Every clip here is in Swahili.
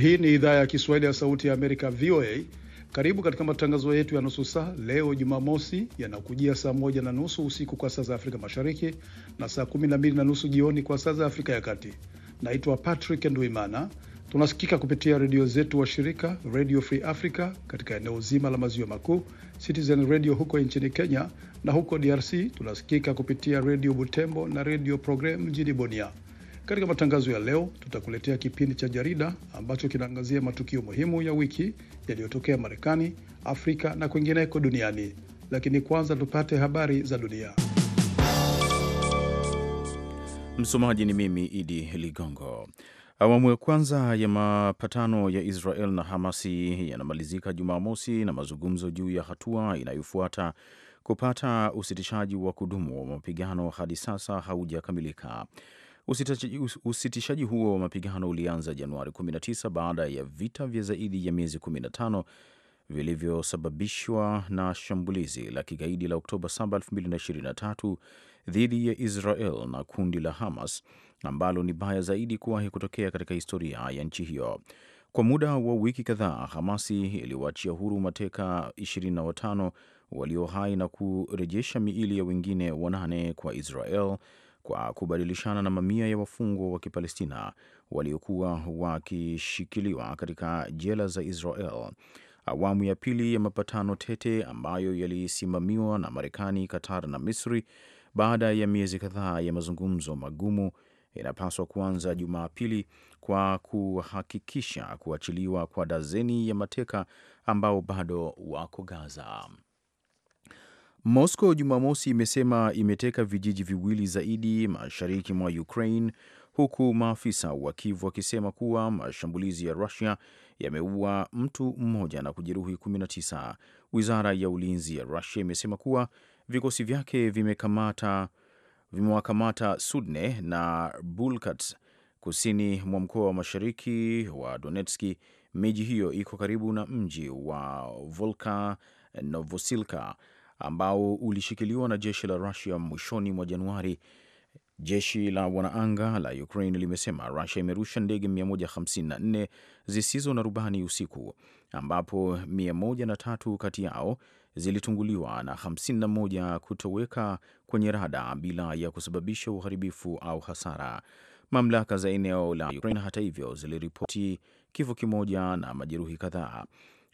Hii ni idhaa ya Kiswahili ya Sauti ya Amerika, VOA. Karibu katika matangazo yetu ya nusu saa leo Jumamosi, yanakujia saa moja na nusu usiku kwa saa za Afrika Mashariki na saa kumi na mbili na nusu jioni kwa saa za Afrika ya Kati. Naitwa Patrick Nduimana. Tunasikika kupitia redio zetu wa shirika Radio Free Africa katika eneo zima la maziwa makuu, Citizen Radio huko nchini Kenya, na huko DRC tunasikika kupitia redio Butembo na redio Program mjini Bunia. Katika matangazo ya leo, tutakuletea kipindi cha jarida ambacho kinaangazia matukio muhimu ya wiki yaliyotokea Marekani, Afrika na kwingineko duniani. Lakini kwanza tupate habari za dunia. Msomaji ni mimi Idi Ligongo. Awamu ya kwanza ya mapatano ya Israel na Hamasi yanamalizika Jumamosi na mazungumzo juu ya hatua inayofuata kupata usitishaji wa kudumu wa mapigano hadi sasa haujakamilika. Usitishaji huo wa mapigano ulianza Januari 19 baada ya vita vya zaidi ya miezi 15 vilivyosababishwa na shambulizi la kigaidi la Oktoba 7, 2023 dhidi ya Israel na kundi la Hamas ambalo ni baya zaidi kuwahi kutokea katika historia ya nchi hiyo. Kwa muda wa wiki kadhaa, Hamasi iliwaachia huru mateka 25 walio hai na kurejesha miili ya wengine wanane kwa Israel kwa kubadilishana na mamia ya wafungwa wa Kipalestina waliokuwa wakishikiliwa katika jela za Israel. Awamu ya pili ya mapatano tete ambayo yalisimamiwa na Marekani, Qatar na Misri baada ya miezi kadhaa ya mazungumzo magumu inapaswa kuanza Jumapili kwa kuhakikisha kuachiliwa kwa dazeni ya mateka ambao bado wako Gaza. Moscow Jumamosi imesema imeteka vijiji viwili zaidi mashariki mwa Ukraine, huku maafisa wa Kiev wakisema kuwa mashambulizi ya Rusia yameua mtu mmoja na kujeruhi 19. Wizara ya ulinzi ya Rusia imesema kuwa vikosi vyake vimewakamata Sudne na Bulkat kusini mwa mkoa wa mashariki wa Donetski. Miji hiyo iko karibu na mji wa Volka Novosilka ambao ulishikiliwa na jeshi la Rusia mwishoni mwa Januari. Jeshi la wanaanga la Ukraine limesema Rusia imerusha ndege 154 zisizo na rubani usiku, ambapo 103 kati yao zilitunguliwa na 51 kutoweka kwenye rada bila ya kusababisha uharibifu au hasara. Mamlaka za eneo la Ukraine hata hivyo ziliripoti kifo kimoja na majeruhi kadhaa.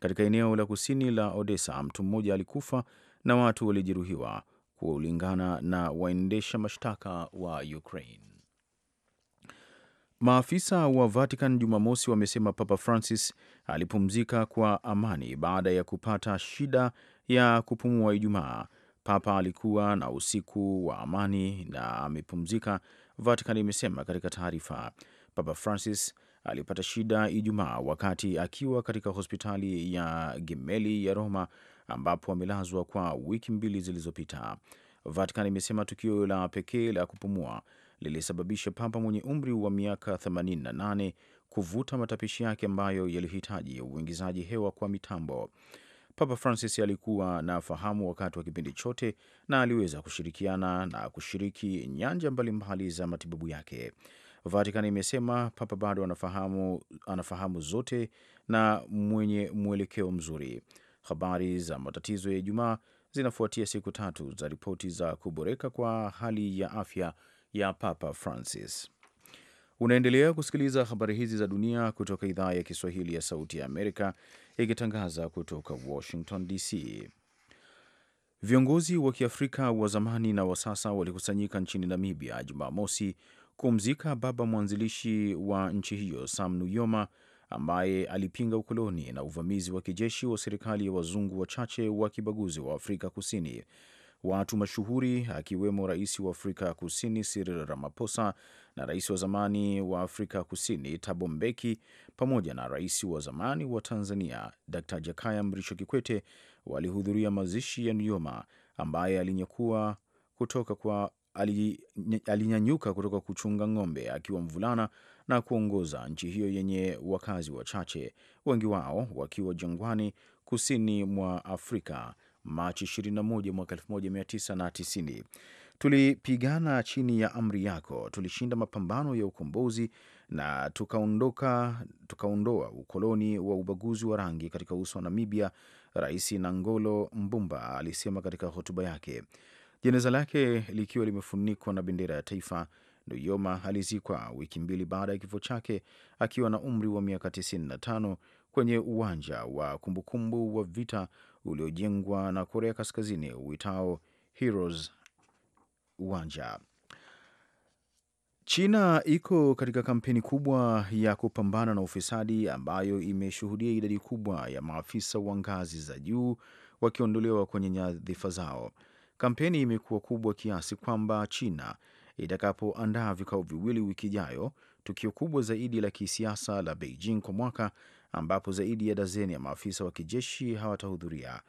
Katika eneo la kusini la Odessa, mtu mmoja alikufa na watu waliojeruhiwa kulingana na waendesha mashtaka wa Ukraine. Maafisa wa Vatican Jumamosi wamesema Papa Francis alipumzika kwa amani baada ya kupata shida ya kupumua Ijumaa. Papa alikuwa na usiku wa amani na amepumzika, Vatican imesema katika taarifa. Papa Francis alipata shida Ijumaa wakati akiwa katika hospitali ya Gemelli ya Roma ambapo amelazwa kwa wiki mbili zilizopita. Vatican imesema tukio la pekee la kupumua lilisababisha papa mwenye umri wa miaka 88 kuvuta matapishi yake ambayo yalihitaji uingizaji hewa kwa mitambo. Papa Francis alikuwa na fahamu wakati wa kipindi chote na aliweza kushirikiana na kushiriki nyanja mbalimbali za matibabu yake. Vatican imesema papa bado anafahamu, anafahamu zote na mwenye mwelekeo mzuri. Habari za matatizo ya Ijumaa zinafuatia siku tatu za ripoti za kuboreka kwa hali ya afya ya Papa Francis. Unaendelea kusikiliza habari hizi za dunia kutoka idhaa ya Kiswahili ya Sauti ya Amerika ikitangaza kutoka Washington DC. Viongozi wa Kiafrika wa zamani na wa sasa walikusanyika nchini Namibia Jumamosi kumzika baba mwanzilishi wa nchi hiyo Sam Nujoma ambaye alipinga ukoloni na uvamizi wa kijeshi wa serikali ya wazungu wachache wa kibaguzi wa Afrika Kusini. Watu mashuhuri akiwemo rais wa Afrika Kusini Cyril Ramaphosa na rais wa zamani wa Afrika Kusini Thabo Mbeki pamoja na rais wa zamani wa Tanzania Dr. Jakaya Mrisho Kikwete walihudhuria mazishi ya Nyoma ambaye alinyakua kutoka kwa alinyanyuka kutoka kuchunga ng'ombe akiwa mvulana na kuongoza nchi hiyo yenye wakazi wachache, wengi wao wakiwa jangwani, kusini mwa Afrika Machi 21 mwaka 1990. Tulipigana chini ya amri yako, tulishinda mapambano ya ukombozi na tukaondoka tukaondoa ukoloni wa ubaguzi wa rangi katika uso wa Namibia, Rais Nangolo Mbumba alisema katika hotuba yake, jeneza lake likiwa limefunikwa na bendera ya taifa Nuyoma alizikwa wiki mbili baada ya kifo chake akiwa na umri wa miaka 95 kwenye uwanja wa kumbukumbu wa vita uliojengwa na Korea Kaskazini uitao Heroes Uwanja. China iko katika kampeni kubwa ya kupambana na ufisadi ambayo imeshuhudia idadi kubwa ya maafisa wa ngazi za juu wakiondolewa kwenye nyadhifa zao. Kampeni imekuwa kubwa kiasi kwamba China itakapoandaa vikao viwili wiki ijayo, tukio kubwa zaidi la kisiasa la Beijing kwa mwaka, ambapo zaidi ya dazeni ya maafisa wa kijeshi hawatahudhuria.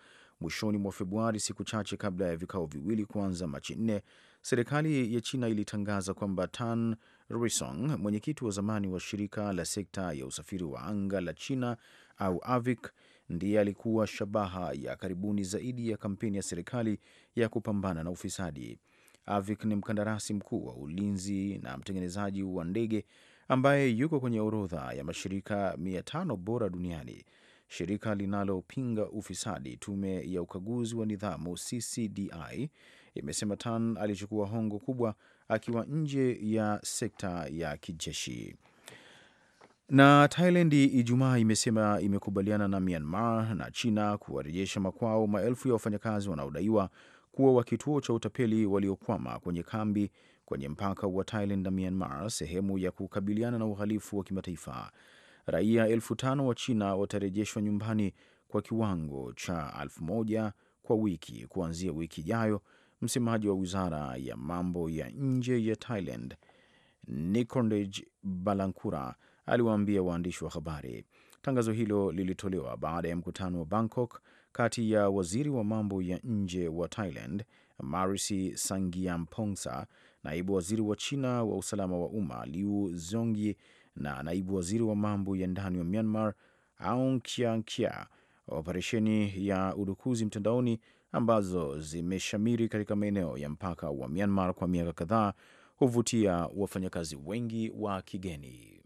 Mwishoni mwa Februari, siku chache kabla ya vikao viwili kuanza Machi nne, serikali ya China ilitangaza kwamba Tan Risong, mwenyekiti wa zamani wa shirika la sekta ya usafiri wa anga la China au AVIC, ndiye alikuwa shabaha ya karibuni zaidi ya kampeni ya serikali ya kupambana na ufisadi. Avik ni mkandarasi mkuu wa ulinzi na mtengenezaji wa ndege ambaye yuko kwenye orodha ya mashirika 500 bora duniani, shirika linalopinga ufisadi. Tume ya ukaguzi wa nidhamu CCDI imesema Tan alichukua hongo kubwa akiwa nje ya sekta ya kijeshi. Na Thailand Ijumaa imesema imekubaliana na Myanmar na China kuwarejesha makwao maelfu ya wafanyakazi wanaodaiwa kuwa wa kituo cha utapeli waliokwama kwenye kambi kwenye mpaka wa Thailand na Myanmar, sehemu ya kukabiliana na uhalifu wa kimataifa. Raia elfu tano wa China watarejeshwa nyumbani kwa kiwango cha elfu moja kwa wiki kuanzia wiki ijayo. Msemaji wa wizara ya mambo ya nje ya Thailand Nikorndej Balankura aliwaambia waandishi wa habari. Tangazo hilo lilitolewa baada ya mkutano wa Bangkok kati ya waziri wa mambo ya nje wa Thailand Marisi sangiamponsa naibu waziri wa China wa usalama wa umma Liu Zongi na naibu waziri wa mambo ya ndani wa Myanmar Aung Kyaw operesheni ya udukuzi mtandaoni ambazo zimeshamiri katika maeneo ya mpaka wa Myanmar kwa miaka kadhaa huvutia wafanyakazi wengi wa kigeni.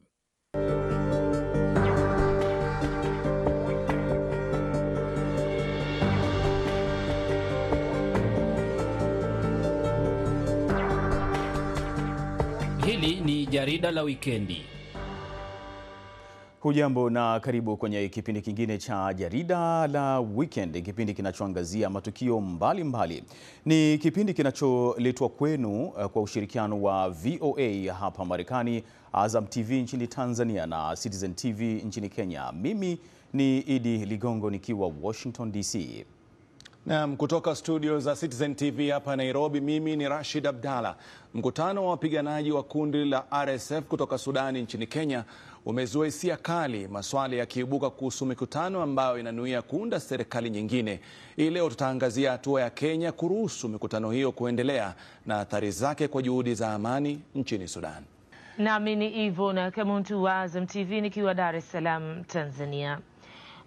ni jarida la wikendi. Hujambo na karibu kwenye kipindi kingine cha jarida la weekend, kipindi kinachoangazia matukio mbalimbali mbali. Ni kipindi kinacholetwa kwenu eh, kwa ushirikiano wa VOA hapa Marekani, Azam TV nchini Tanzania na Citizen TV nchini Kenya. Mimi ni Idi Ligongo nikiwa Washington DC. Naam, kutoka studio za Citizen TV hapa Nairobi, mimi ni Rashid Abdalla. Mkutano wa wapiganaji wa kundi la RSF kutoka Sudani nchini Kenya umezua hisia kali, maswali yakiibuka kuhusu mikutano ambayo inanuia kuunda serikali nyingine. Hii leo tutaangazia hatua ya Kenya kuruhusu mikutano hiyo kuendelea na athari zake kwa juhudi za amani nchini Sudan. Nami ni Ivona Kamuntu wa Azam TV nikiwa Dar es Salaam, Tanzania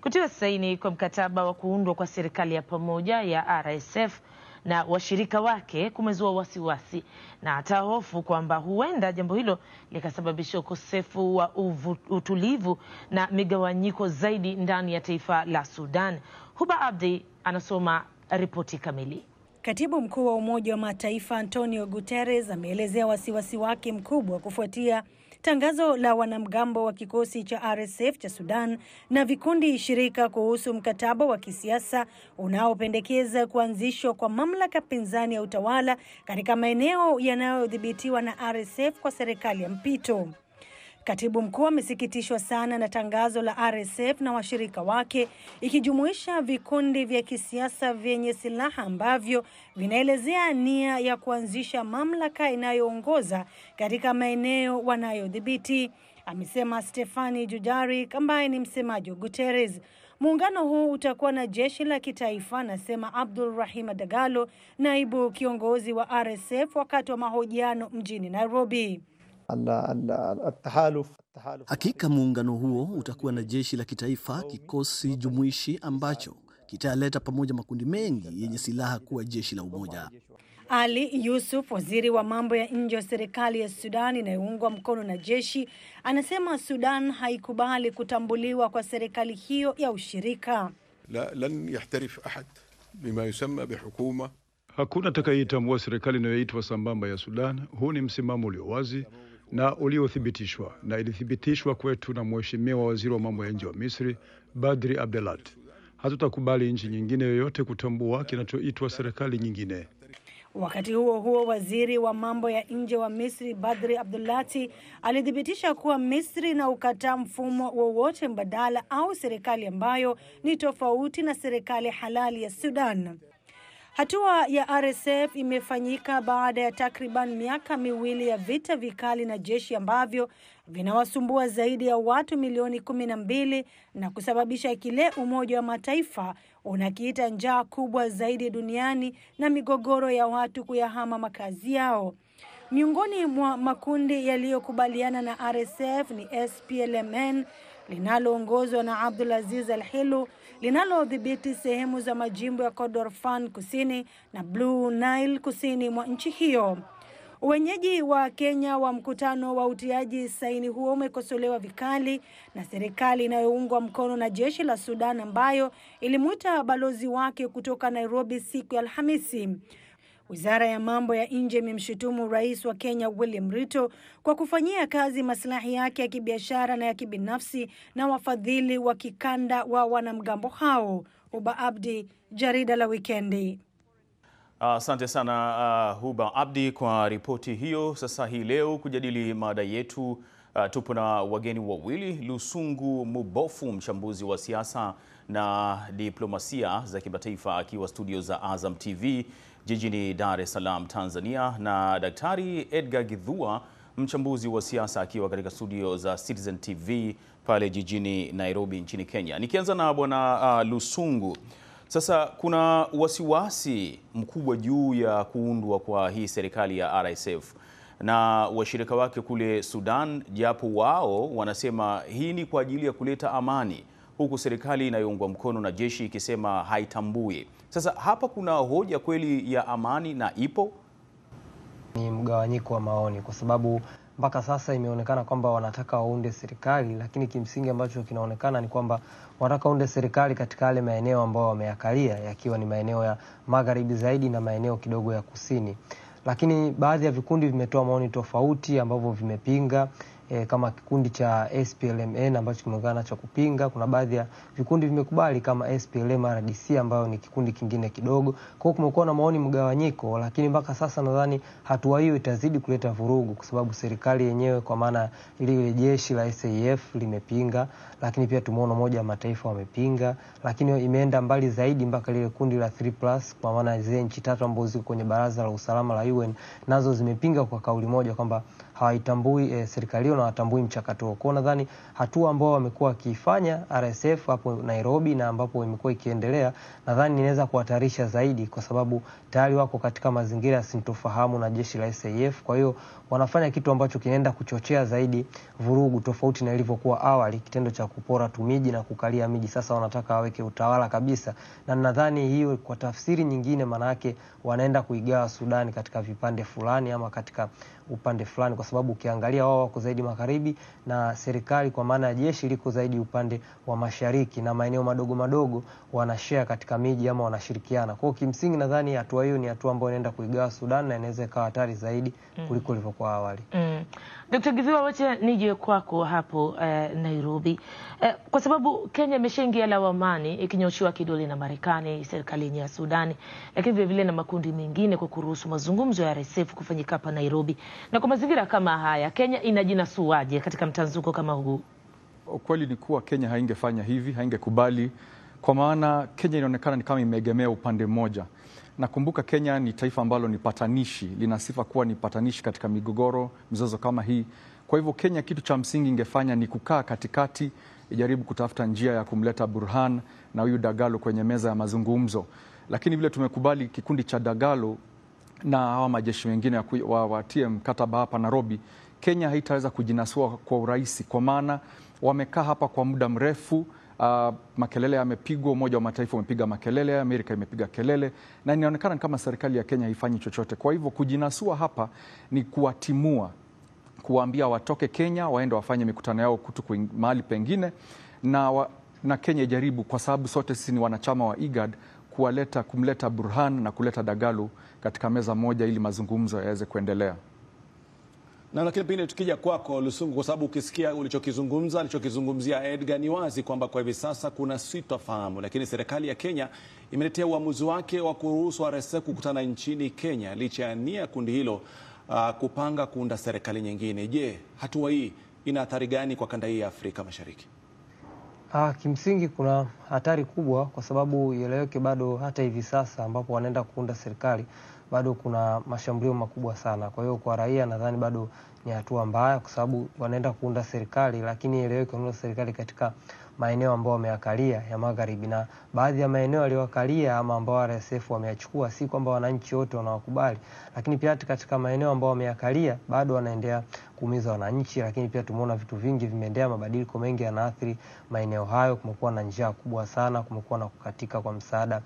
kutiwa saini kwa mkataba wa kuundwa kwa serikali ya pamoja ya RSF na washirika wake kumezua wasiwasi na hata hofu kwamba huenda jambo hilo likasababisha ukosefu wa uvu, utulivu na migawanyiko zaidi ndani ya taifa la Sudan. Huba Abdi anasoma ripoti kamili. Katibu mkuu wa Umoja wa Mataifa Antonio Guterres ameelezea wasiwasi wake mkubwa kufuatia Tangazo la wanamgambo wa kikosi cha RSF cha Sudan na vikundi shirika kuhusu mkataba wa kisiasa unaopendekeza kuanzishwa kwa mamlaka pinzani ya utawala katika maeneo yanayodhibitiwa na RSF kwa serikali ya mpito. Katibu mkuu amesikitishwa sana na tangazo la RSF na washirika wake ikijumuisha vikundi vya kisiasa vyenye silaha ambavyo vinaelezea nia ya kuanzisha mamlaka inayoongoza katika maeneo wanayodhibiti. Amesema Stefani Jujarik ambaye ni msemaji wa Guterres. Muungano huu utakuwa na jeshi la kitaifa, anasema Abdul Rahim Dagalo, naibu kiongozi wa RSF wakati wa mahojiano mjini Nairobi. Hakika muungano huo utakuwa na jeshi la kitaifa, kikosi jumuishi ambacho kitaleta pamoja makundi mengi yenye silaha kuwa jeshi la umoja. Ali Yusuf, waziri wa mambo ya nje wa serikali ya Sudan inayoungwa mkono na jeshi, anasema Sudan haikubali kutambuliwa kwa serikali hiyo ya ushirika. La, lan yahtarif ahad bima yusamma bihukuma. Hakuna atakayeitambua serikali inayoitwa sambamba ya Sudan. Huu ni msimamo ulio wazi na uliothibitishwa, na ilithibitishwa kwetu na mheshimiwa waziri wa mambo ya nje wa Misri Badri Abdelat. Hatutakubali nchi nyingine yoyote kutambua kinachoitwa serikali nyingine. Wakati huo huo, waziri wa mambo ya nje wa Misri Badri Abdulati alithibitisha kuwa Misri inaukataa mfumo wowote mbadala au serikali ambayo ni tofauti na serikali halali ya Sudan. Hatua ya RSF imefanyika baada ya takriban miaka miwili ya vita vikali na jeshi ambavyo vinawasumbua zaidi ya watu milioni kumi na mbili na kusababisha kile Umoja wa Mataifa unakiita njaa kubwa zaidi duniani na migogoro ya watu kuyahama makazi yao. Miongoni mwa makundi yaliyokubaliana na RSF ni SPLMN linaloongozwa na Abdul Aziz Al Hilu linalodhibiti sehemu za majimbo ya Kordofan Kusini na Blue Nile kusini mwa nchi hiyo. Uwenyeji wa Kenya wa mkutano wa utiaji saini huo umekosolewa vikali na serikali inayoungwa mkono na jeshi la Sudan ambayo ilimwita balozi wake kutoka Nairobi siku ya Alhamisi. Wizara ya mambo ya nje imemshutumu rais wa Kenya William Ruto kwa kufanyia kazi maslahi yake ya kibiashara na ya kibinafsi na wafadhili wa kikanda wa wanamgambo hao. Uba Abdi, jarida la Wikendi. Asante uh, sana uh, Huba Abdi kwa ripoti hiyo. Sasa hii leo kujadili mada yetu uh, tupo na wageni wawili, Lusungu Mubofu, mchambuzi wa siasa na diplomasia za kimataifa akiwa studio za Azam TV jijini Dar es Salaam, Tanzania, na Daktari Edgar Githua, mchambuzi wa siasa, akiwa katika studio za Citizen TV pale jijini Nairobi nchini Kenya. Nikianza na Bwana uh, Lusungu, sasa kuna wasiwasi mkubwa juu ya kuundwa kwa hii serikali ya RSF na washirika wake kule Sudan, japo wao wanasema hii ni kwa ajili ya kuleta amani, huku serikali inayoungwa mkono na jeshi ikisema haitambui. Sasa hapa kuna hoja kweli ya amani na ipo? Ni mgawanyiko wa maoni kwa sababu mpaka sasa imeonekana kwamba wanataka waunde serikali, lakini kimsingi ambacho kinaonekana ni kwamba wanataka waunde serikali katika yale maeneo ambayo wameyakalia, yakiwa ni maeneo ya magharibi zaidi na maeneo kidogo ya kusini. Lakini baadhi ya vikundi vimetoa maoni tofauti ambavyo vimepinga e, kama kikundi cha SPLMN ambacho kimeungana nacho kupinga. Kuna baadhi ya vikundi vimekubali kama SPLM RDC ambayo ni kikundi kingine kidogo. Kwa hiyo kumekuwa na maoni mgawanyiko, lakini mpaka sasa nadhani hatua hiyo itazidi kuleta vurugu, kwa sababu serikali yenyewe kwa maana ile jeshi la SAF limepinga, lakini pia tumeona Umoja wa Mataifa wamepinga, lakini imeenda mbali zaidi mpaka lile kundi la 3 plus kwa maana zile nchi tatu ambazo ziko kwenye Baraza la Usalama la UN nazo zimepinga kwa kauli moja kwamba hawaitambui e, eh, serikali hiyo na hawatambui mchakato huo. Kwa nadhani hatua ambao wamekuwa wakiifanya RSF hapo Nairobi na ambapo imekuwa ikiendelea, nadhani inaweza kuhatarisha zaidi, kwa sababu tayari wako katika mazingira ya sintofahamu na jeshi la SAF. Kwa hiyo wanafanya kitu ambacho kinaenda kuchochea zaidi vurugu, tofauti na ilivyokuwa awali, kitendo cha kupora tu miji na kukalia miji. Sasa wanataka waweke utawala kabisa, na nadhani hiyo kwa tafsiri nyingine, maana yake wanaenda kuigawa Sudani katika vipande fulani ama katika upande fulani, kwa sababu ukiangalia wao wako zaidi magharibi na serikali kwa maana ya jeshi liko zaidi upande wa mashariki, na maeneo madogo madogo wanashare katika miji ama wanashirikiana. Kwa hiyo kimsingi, nadhani hatua hiyo ni hatua ambayo inaenda kuigawa Sudan na inaweza ikawa hatari zaidi mm. kuliko ilivyokuwa awali mm. Dkt. Giziwa, wacha nije kwako hapo eh, Nairobi eh, kwa sababu Kenya imeshaingia lawamani ikinyoshiwa kidole na Marekani, serikali yenyewe ya Sudani, lakini vilevile na makundi mengine kwa kuruhusu mazungumzo ya RSF kufanyika hapa Nairobi. Na kwa mazingira kama haya, Kenya inajinasuaje katika mtanzuko kama huu? Ukweli ni kuwa Kenya haingefanya hivi, haingekubali kwa maana Kenya inaonekana ni kama imeegemea upande mmoja. Nakumbuka Kenya ni taifa ambalo ni patanishi, lina sifa kuwa ni patanishi katika migogoro, mizozo kama hii. Kwa hivyo Kenya kitu cha msingi ingefanya ni kukaa katikati, ijaribu kutafuta njia ya kumleta Burhan na huyu Dagalo kwenye meza ya mazungumzo, lakini vile tumekubali kikundi cha Dagalo na hawa majeshi wengine watie wa mkataba hapa Nairobi, Kenya haitaweza kujinasua kwa urahisi, kwa maana wamekaa hapa kwa muda mrefu. Uh, makelele yamepigwa, Umoja wa Mataifa umepiga makelele, Amerika imepiga kelele, na inaonekana kama serikali ya Kenya haifanyi chochote. Kwa hivyo kujinasua hapa ni kuwatimua, kuwaambia watoke Kenya waende wafanye mikutano yao kutu mahali pengine na, wa, na Kenya ijaribu, kwa sababu sote sisi ni wanachama wa IGAD kuwaleta kumleta Burhan na kuleta Dagalu katika meza moja ili mazungumzo yaweze kuendelea. Na lakini pengine tukija kwako Lusungu, kwa sababu ukisikia ulichokizungumza alichokizungumzia Edgar, ni wazi kwamba kwa hivi sasa kuna sitofahamu, lakini serikali ya Kenya imeletea uamuzi wake wa kuruhusu RSF kukutana nchini Kenya licha ya nia kundi hilo uh, kupanga kuunda serikali nyingine. Je, hatua hii ina athari gani kwa kanda hii ya Afrika Mashariki? Ah, kimsingi kuna hatari kubwa kwa sababu ieleweke, bado hata hivi sasa ambapo wanaenda kuunda serikali bado kuna mashambulio makubwa sana. Kwa hiyo kwa raia nadhani bado ni hatua mbaya, kwa sababu wanaenda kuunda serikali, lakini ieleweke kuunda serikali katika maeneo ambayo wameyakalia ya magharibi, na baadhi ya maeneo aliyokalia ama ambao RSF wameyachukua, si kwamba wananchi wote wanawakubali, lakini pia katika maeneo ambayo wameyakalia bado wanaendelea kuumiza wananchi. Lakini pia tumeona vitu vingi vimeendea, mabadiliko mengi yanaathiri maeneo hayo. Kumekuwa na njaa kubwa sana, kumekuwa na kukatika kwa msaada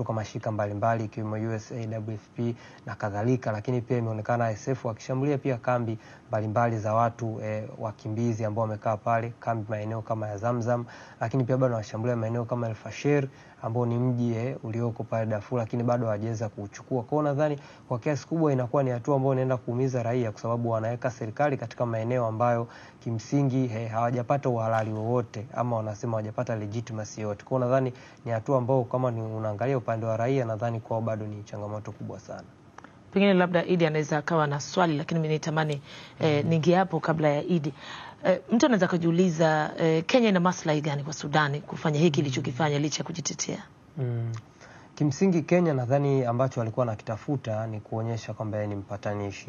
kutoka mashirika mbalimbali ikiwemo USAWFP na kadhalika, lakini pia imeonekana ISF wakishambulia pia kambi mbalimbali za watu e, wakimbizi ambao wamekaa pale kambi maeneo kama ya Zamzam, lakini pia bado wanashambulia maeneo kama El Fasher ambao ni mji eh, ulioko pale Darfur, lakini bado hawajaweza kuuchukua Kwa nadhani kwa kiasi kubwa inakuwa ni hatua ambayo inaenda kuumiza raia, kwa sababu wanaweka serikali katika maeneo ambayo kimsingi eh, hawajapata uhalali wowote, ama wanasema hawajapata legitimacy yote. Kwa nadhani ni hatua ambayo kama ni unaangalia upande wa raia, nadhani kwao bado ni changamoto kubwa sana pengine labda Idi anaweza akawa na swali, lakini mimi nitamani eh, mm-hmm. ningia hapo kabla ya Idi. Eh, mtu anaweza kujiuliza eh, Kenya ina maslahi gani kwa Sudani kufanya hiki ilichokifanya mm-hmm. licha ya kujitetea? Mm. Kimsingi Kenya nadhani ambacho alikuwa anakitafuta ni kuonyesha kwamba yeye ni mpatanishi,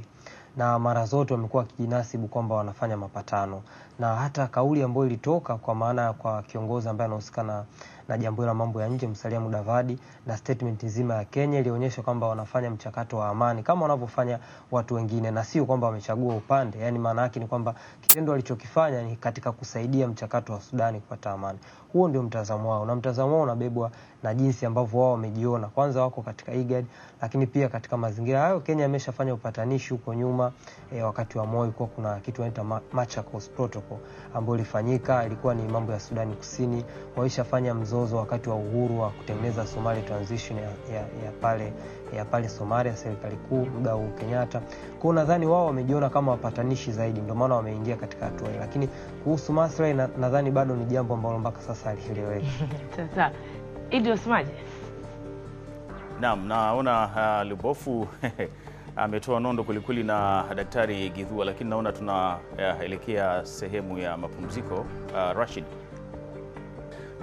na mara zote wamekuwa wakijinasibu kwamba wanafanya mapatano, na hata kauli ambayo ilitoka kwa maana kwa kiongozi ambaye anahusika na la jambo la mambo ya nje Musalia Mudavadi na statement nzima ya Kenya ilionyesha kwamba wanafanya mchakato wa amani kama wanavyofanya watu wengine, na sio kwamba wamechagua upande. Yani maana yake ni kwamba kitendo alichokifanya ni katika kusaidia mchakato wa Sudani kupata amani. Huo ndio mtazamo wao, na mtazamo wao unabebwa na jinsi ambavyo wao wamejiona. Kwanza wako katika IGAD, lakini pia katika mazingira hayo Kenya ameshafanya upatanishi huko nyuma. E, wakati wa Moi kwa kuna kitu wanaita Machakos Protocol ambayo ilifanyika, ilikuwa ni mambo ya Sudani Kusini, waishafanya mzo mzozo wakati wa uhuru wa kutengeneza Somalia transition ya, ya, ya pale ya pale Somalia, serikali kuu muda wa Kenyatta. Kwa nadhani wao wamejiona kama wapatanishi zaidi, ndio maana wameingia katika hatua hii, lakini kuhusu maslahi nadhani bado ni jambo ambalo mpaka sasa halieleweki. Sasa Idi Osmaje, naam, naona uh, Lubofu ametoa nondo kwelikweli na Daktari Gidhua, lakini naona tunaelekea sehemu ya mapumziko. Uh, Rashid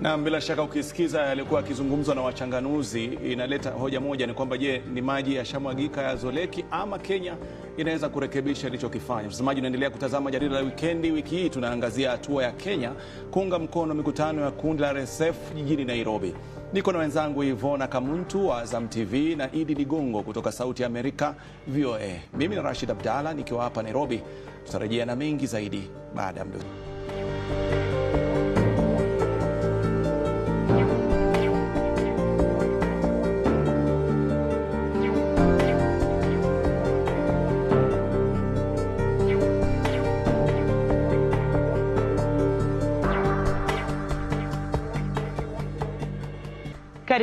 na bila shaka ukisikiza yalikuwa akizungumzwa na wachanganuzi, inaleta hoja moja, ni kwamba je, ni maji yashamwagika ya Zoleki ama Kenya inaweza kurekebisha ilichokifanya? Mtazamaji, unaendelea kutazama jarida la wikendi. Wiki hii tunaangazia hatua ya Kenya kuunga mkono mikutano ya kundi la RSF jijini Nairobi. Niko na wenzangu Ivona Kamuntu wa Azam TV na Idi Ligongo kutoka Sauti ya Amerika VOA. Mimi ni Rashid Abdalla nikiwa hapa Nairobi. Tutarejea na mengi zaidi baada ya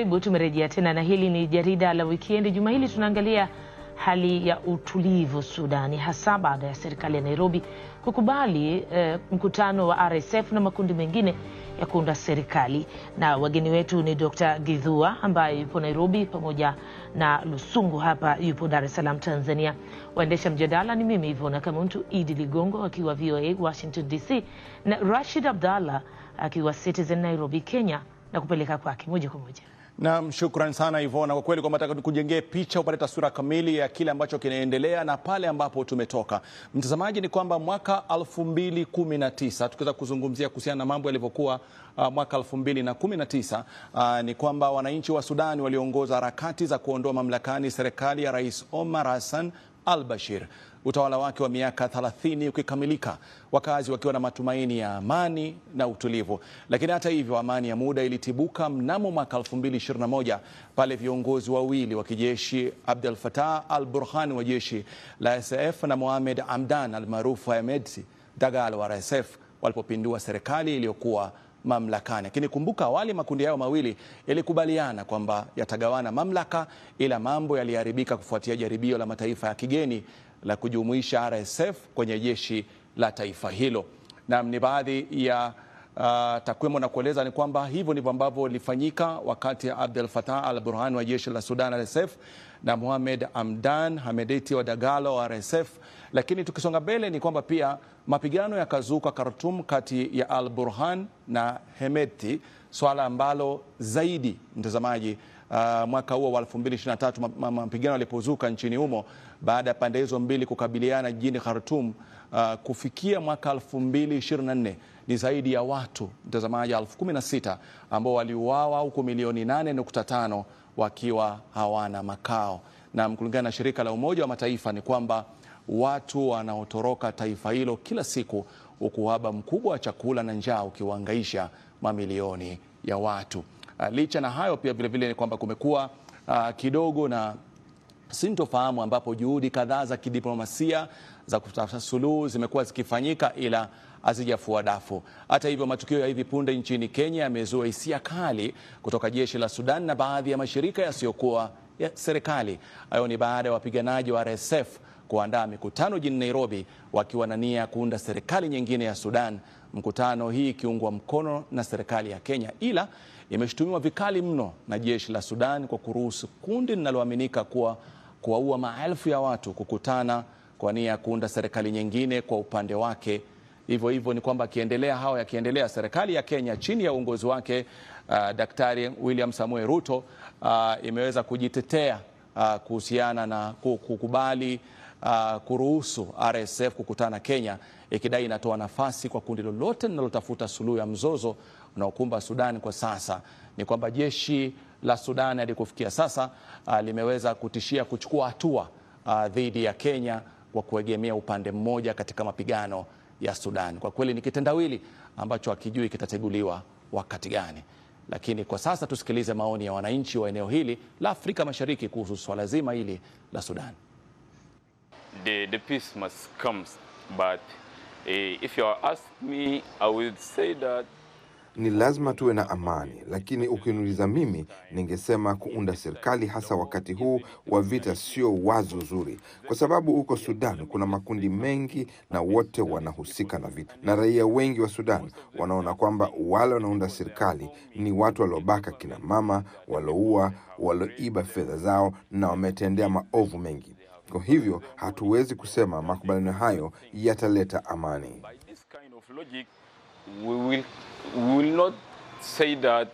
karibu, tumerejea tena na hili ni jarida la wikiendi. Juma hili tunaangalia hali ya utulivu Sudani, hasa baada ya serikali ya Nairobi kukubali eh, mkutano wa RSF na makundi mengine ya kuunda serikali. Na wageni wetu ni Dr. Gidhua ambaye yupo Nairobi pamoja na Lusungu hapa yupo Dar es Salaam Tanzania. Waendesha mjadala ni mimi Ivona Kamuntu, Idi Ligongo akiwa VOA Washington DC, na Rashid Abdallah akiwa Citizen Nairobi Kenya, na kupeleka kwake moja kwa moja. Naam, shukrani sana Ivona, kwa kweli kwamba atakujengea picha upate taswira kamili ya kile ambacho kinaendelea na pale ambapo tumetoka. Mtazamaji, ni kwamba mwaka 2019 tukiweza kuzungumzia kuhusiana na mambo yalivyokuwa uh, mwaka 2019 uh, ni kwamba wananchi wa Sudani waliongoza harakati za kuondoa mamlakani serikali ya Rais Omar Hassan al-Bashir utawala wake wa miaka 30 ukikamilika, wakazi wakiwa na matumaini ya amani na utulivu. Lakini hata hivyo, amani ya muda ilitibuka mnamo mwaka 2021 pale viongozi wawili wa kijeshi Abdel Fattah al-Burhan wa jeshi la SAF na Mohamed Hamdan almaarufu Ahmed Dagal wa RSF walipopindua serikali iliyokuwa mamlakani. Lakini kumbuka, awali makundi hayo mawili yalikubaliana kwamba yatagawana mamlaka, ila mambo yaliharibika kufuatia jaribio la mataifa ya kigeni la kujumuisha RSF kwenye jeshi la taifa hilo. Naam, ni baadhi ya uh, takwimu na kueleza ni kwamba hivyo ndivyo ambavyo ilifanyika wakati Abdel Fattah al-Burhan wa jeshi la Sudan RSF na Mohamed Amdan Hamedeti wa Dagalo wa RSF. Lakini tukisonga mbele ni kwamba pia mapigano yakazuka Khartoum kati ya al-Burhan na Hemeti, swala ambalo zaidi mtazamaji uh, mwaka huo wa 2023 mapigano yalipozuka nchini humo baada ya pande hizo mbili kukabiliana jijini Khartoum. Uh, kufikia mwaka 2024 ni zaidi ya watu mtazamaji elfu sita ambao waliuawa huku milioni 8.5 wakiwa hawana makao. Na kulingana na shirika la Umoja wa Mataifa ni kwamba watu wanaotoroka taifa hilo kila siku, huku uhaba mkubwa wa chakula na njaa ukiwaangaisha mamilioni ya watu. Uh, licha na hayo pia vilevile ni kwamba kumekuwa uh, kidogo na sintofahamu ambapo juhudi kadhaa za kidiplomasia za kutafuta suluhu zimekuwa zikifanyika ila hazijafua dafu. Hata hivyo, matukio ya hivi punde nchini Kenya yamezua hisia kali kutoka jeshi la Sudan na baadhi ya mashirika yasiyokuwa ya serikali. Hayo ni baada ya wapiganaji wa RSF kuandaa mikutano jijini Nairobi wakiwa na nia ya kuunda serikali nyingine ya Sudan, mkutano hii ikiungwa mkono na serikali ya Kenya ila imeshutumiwa vikali mno na jeshi la Sudan kwa kuruhusu kundi linaloaminika kuwa kuwaua maelfu ya watu kukutana kwa nia ya kuunda serikali nyingine kwa upande wake. Hivyo hivyo ni kwamba akiendelea hao yakiendelea, serikali ya Kenya chini ya uongozi wake uh, Daktari William Samoei Ruto uh, imeweza kujitetea uh, kuhusiana na kukubali uh, kuruhusu RSF kukutana Kenya, ikidai inatoa nafasi kwa kundi lolote linalotafuta suluhu ya mzozo unaokumba Sudan kwa sasa ni kwamba jeshi la Sudan hadi kufikia sasa uh, limeweza kutishia kuchukua hatua uh, dhidi ya Kenya kwa kuegemea upande mmoja katika mapigano ya Sudan. Kwa kweli ni kitendawili ambacho hakijui kitateguliwa wakati gani. Lakini kwa sasa tusikilize maoni ya wananchi wa eneo hili la Afrika Mashariki kuhusu swala zima hili la Sudan. The, the peace must come, but uh, if you ask me, I would say that ni lazima tuwe na amani, lakini ukiniuliza mimi, ningesema kuunda serikali hasa wakati huu wa vita sio wazo zuri, kwa sababu huko Sudan kuna makundi mengi na wote wanahusika na vita, na raia wengi wa Sudan wanaona kwamba wale wanaunda serikali ni watu waliobaka, kina mama walioua, walioiba fedha zao na wametendea maovu mengi. Kwa hivyo hatuwezi kusema makubaliano hayo yataleta amani we will, we will not say that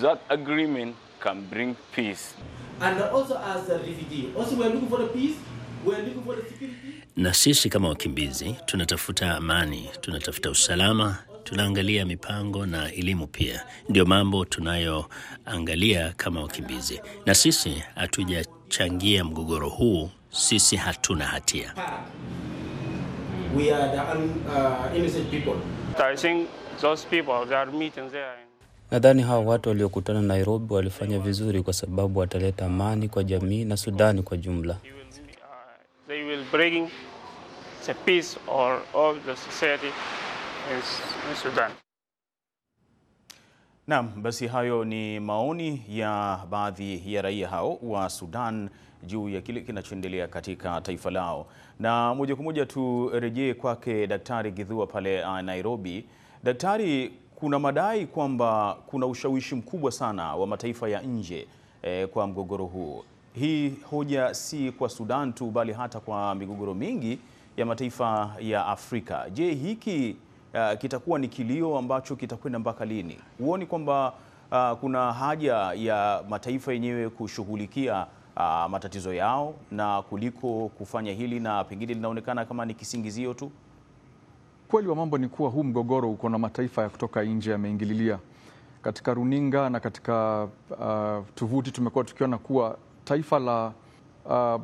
that agreement can bring peace. And also as a refugee, also we are looking for the peace, we are looking for the security. Na sisi kama wakimbizi tunatafuta amani, tunatafuta usalama, tunaangalia mipango na elimu pia. Ndio mambo tunayoangalia kama wakimbizi, na sisi hatujachangia mgogoro huu. Sisi hatuna hatia. We are the, un, uh, innocent people. Nadhani hawa watu waliokutana Nairobi walifanya vizuri kwa sababu wataleta amani kwa jamii na Sudani kwa jumla. Uh, Naam, basi hayo ni maoni ya baadhi ya raia hao wa Sudan juu ya kile kinachoendelea katika taifa lao. Na moja kwa moja turejee kwake Daktari Gidhua pale uh, Nairobi. Daktari, kuna madai kwamba kuna ushawishi mkubwa sana wa mataifa ya nje eh, kwa mgogoro huu. Hii hoja si kwa Sudan tu bali hata kwa migogoro mingi ya mataifa ya Afrika. Je, hiki uh, kitakuwa ni kilio ambacho kitakwenda mpaka lini? Huoni kwamba uh, kuna haja ya mataifa yenyewe kushughulikia Uh, matatizo yao na kuliko kufanya hili na pengine linaonekana kama ni kisingizio tu. Kweli wa mambo ni kuwa huu mgogoro uko na mataifa ya kutoka nje yameingililia. Katika runinga na katika uh, tuvuti tumekuwa tukiona kuwa taifa la uh,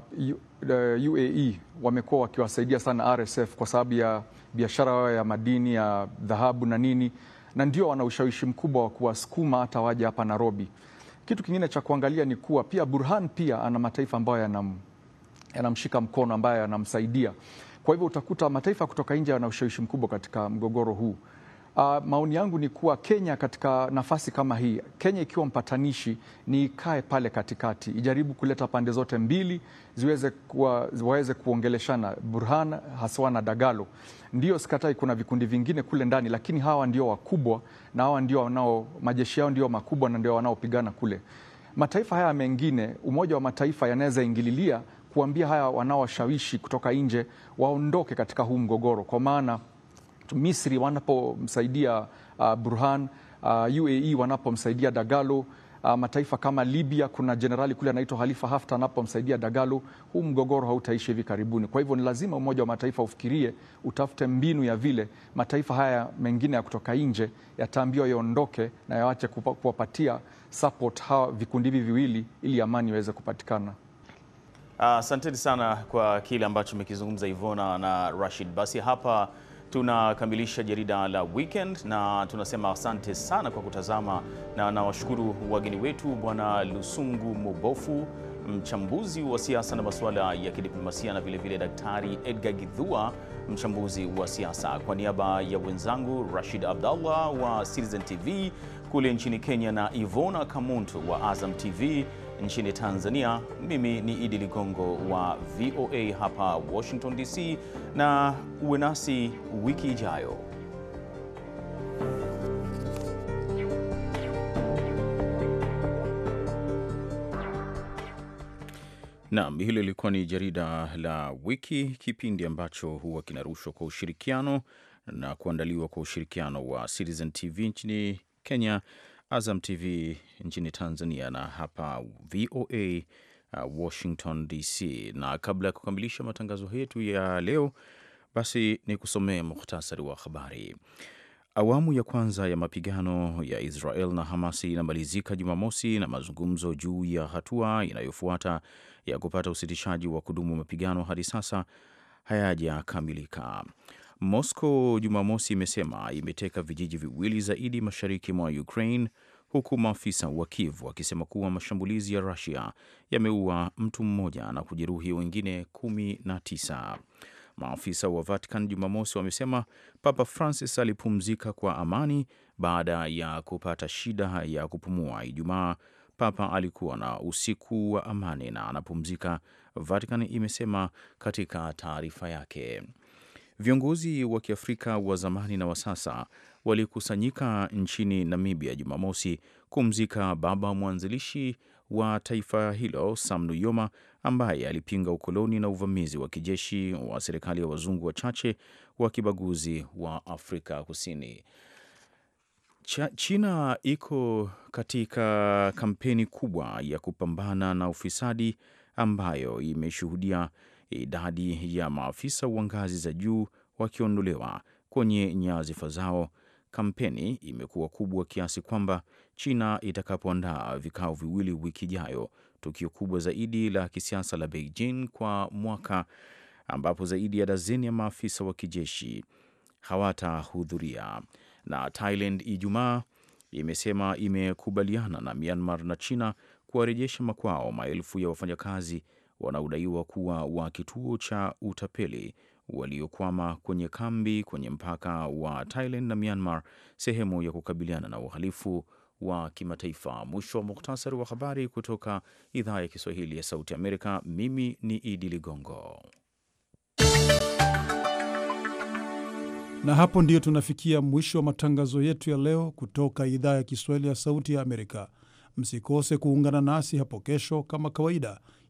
UAE uh, wamekuwa wakiwasaidia sana RSF kwa sababu ya biashara yao ya madini ya dhahabu na nini, na ndio wana ushawishi mkubwa wa kuwasukuma hata waje hapa Nairobi. Kitu kingine cha kuangalia ni kuwa pia Burhan pia ana mataifa ambayo yanam, yanamshika mkono ambayo yanamsaidia. Kwa hivyo utakuta mataifa kutoka nje yana ushawishi mkubwa katika mgogoro huu. Uh, maoni yangu ni kuwa Kenya katika nafasi kama hii, Kenya ikiwa mpatanishi ni ikae pale katikati, ijaribu kuleta pande zote mbili ziweze kuwa, waweze kuongeleshana. Burhan Haswa na Dagalo ndio, sikatai kuna vikundi vingine kule ndani, lakini hawa ndio wakubwa na hawa ndio wanao majeshi yao ndio makubwa na ndio wanaopigana kule. Mataifa haya mengine, Umoja wa Mataifa yanaweza ingililia kuambia haya wanaowashawishi kutoka nje waondoke katika huu mgogoro kwa maana Misri wanapomsaidia uh, Burhan uh, UAE wanapomsaidia Dagalo uh, mataifa kama Libya, kuna jenerali kule anaitwa halifa Haftar anapomsaidia Dagalo, huu mgogoro hautaishi hivi karibuni. Kwa hivyo ni lazima Umoja wa Mataifa ufikirie, utafute mbinu ya vile mataifa haya mengine ya kutoka nje yataambiwa yaondoke na yawache kuwapatia support hawa vikundi hivi viwili, ili amani iweze kupatikana. Asanteni uh, sana kwa kile ambacho umekizungumza Ivona na Rashid. Basi hapa tunakamilisha jarida la weekend na tunasema asante sana kwa kutazama, na nawashukuru wageni wetu, Bwana Lusungu Mobofu, mchambuzi wa siasa na masuala ya kidiplomasia, na vilevile Daktari Edgar gidhua mchambuzi wa siasa. Kwa niaba ya wenzangu Rashid Abdallah wa Citizen TV kule nchini Kenya na Ivona Kamuntu wa Azam TV nchini Tanzania. Mimi ni Idi Ligongo wa VOA hapa Washington DC, na uwe nasi wiki ijayo. Naam, hilo lilikuwa ni jarida la wiki, kipindi ambacho huwa kinarushwa kwa ushirikiano na kuandaliwa kwa ushirikiano wa Citizen TV nchini Kenya Azam TV nchini Tanzania na hapa VOA uh, Washington DC. Na kabla ya kukamilisha matangazo yetu ya leo, basi ni kusomea muhtasari wa habari. Awamu ya kwanza ya mapigano ya Israel na Hamas inamalizika Jumamosi na mazungumzo juu ya hatua inayofuata ya kupata usitishaji wa kudumu mapigano hadi sasa hayajakamilika. Moscow Jumamosi imesema imeteka vijiji viwili zaidi mashariki mwa Ukraine, huku maafisa wa Kiev wakisema kuwa mashambulizi ya Rusia yameua mtu mmoja na kujeruhi wengine kumi na tisa. Maafisa wa Vatican Jumamosi wamesema Papa Francis alipumzika kwa amani baada ya kupata shida ya kupumua Ijumaa. Papa alikuwa na usiku wa amani na anapumzika, Vatican imesema katika taarifa yake. Viongozi wa Kiafrika wa zamani na wa sasa walikusanyika nchini Namibia Jumamosi kumzika baba mwanzilishi wa taifa hilo Sam Nujoma ambaye alipinga ukoloni na uvamizi wa kijeshi wa serikali ya wazungu wachache wa kibaguzi wa Afrika Kusini. China iko katika kampeni kubwa ya kupambana na ufisadi ambayo imeshuhudia idadi ya maafisa wa ngazi za juu wakiondolewa kwenye nyadhifa zao. Kampeni imekuwa kubwa kiasi kwamba China itakapoandaa vikao viwili wiki ijayo, tukio kubwa zaidi la kisiasa la Beijing kwa mwaka, ambapo zaidi ya dazeni ya maafisa wa kijeshi hawatahudhuria. Na Thailand Ijumaa imesema imekubaliana na Myanmar na China kuwarejesha makwao maelfu ya wafanyakazi wanaodaiwa kuwa wa kituo cha utapeli waliokwama kwenye kambi kwenye mpaka wa Thailand na Myanmar, sehemu ya kukabiliana na uhalifu wa kimataifa. Mwisho wa muktasari wa habari kutoka idhaa ya Kiswahili ya Sauti Amerika. Mimi ni Idi Ligongo, na hapo ndiyo tunafikia mwisho wa matangazo yetu ya leo kutoka idhaa ya Kiswahili ya Sauti ya Amerika. Msikose kuungana nasi hapo kesho kama kawaida